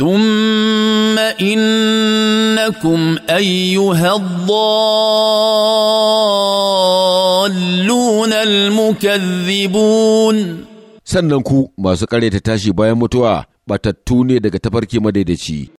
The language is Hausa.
ثم انكم ايها الضالون المكذبون sannan ku masu ta tashi bayan mutuwa batattu ne daga tafarki madaidaici